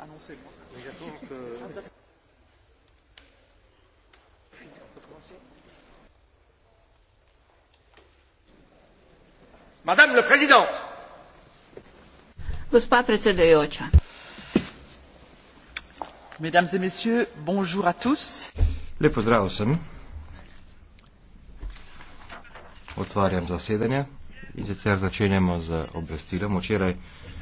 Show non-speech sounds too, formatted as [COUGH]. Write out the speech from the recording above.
annoncé. Moi. Mais j'attends que. [LAUGHS] Madame le Président. Mesdames et Messieurs, bonjour à tous. Le Otvarjam zasedanje in sicer začenjamo z obvestilom. Včeraj